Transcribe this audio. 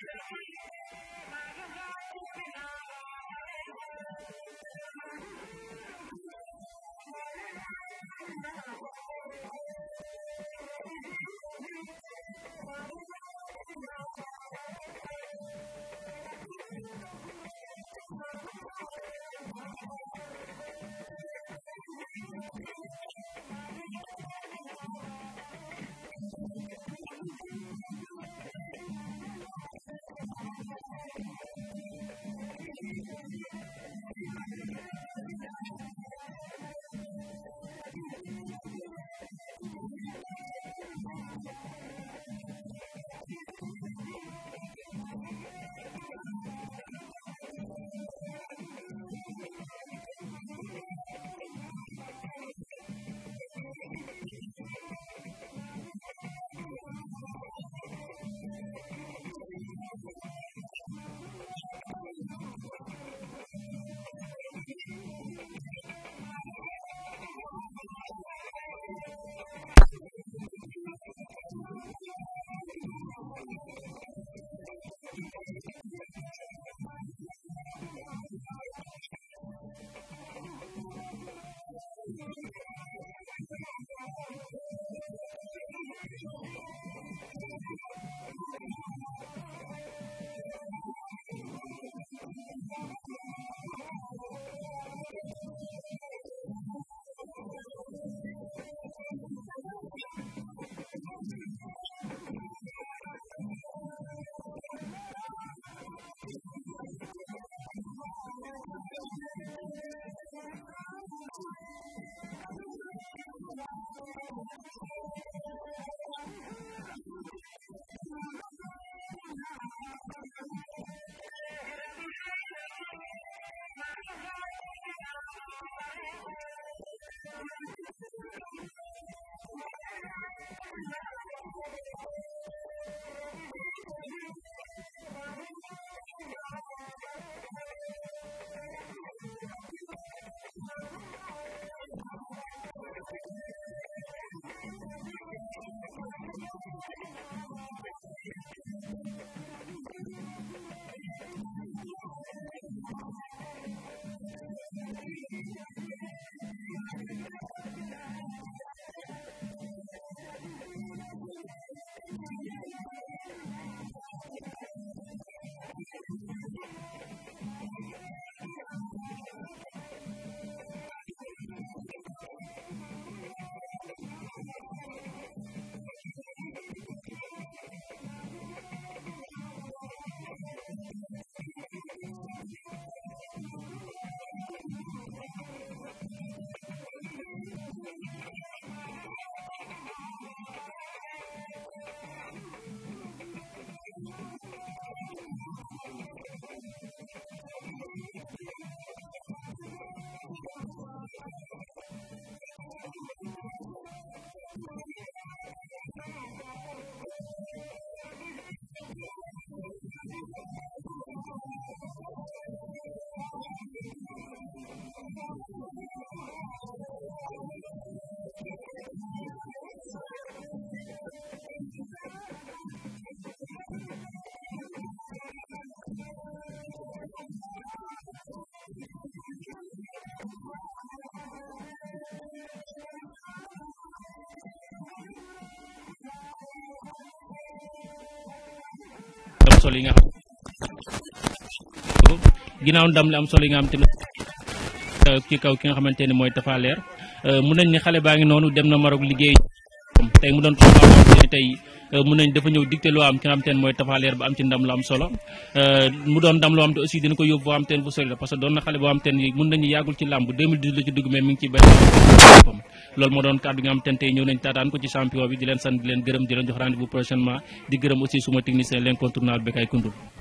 Thank you. am solo yi nga xam ginnaaw ndam li am solo yi nga xam tamit euh, ci kaw ki nga xamante ne mooy Tapha Leer euh, mun nañ ni xale baa ngi noonu dem na Maroc liggéey tey mu doon combat tey Euh, mun nañ dafa ñëw dicté loo am ki nga xam mooy tafaleer ba am ci ndam lu am solo euh, mu doon ndam loo xam te aussi dina ko yóbbu boo xam bu sori parce que doon na xale boo xam te mun nañu yàggul ci làmb 2010 la ci dugg mais mi ngi ci bay loolu moo doon kàddu nga xam te ne tey ñëw nañ taataan ko ci champion bi di leen sant di leen gërëm di leen jox rendez-vous prochainement di gërëm aussi suma technicien l'incontournable Bekay Koundoul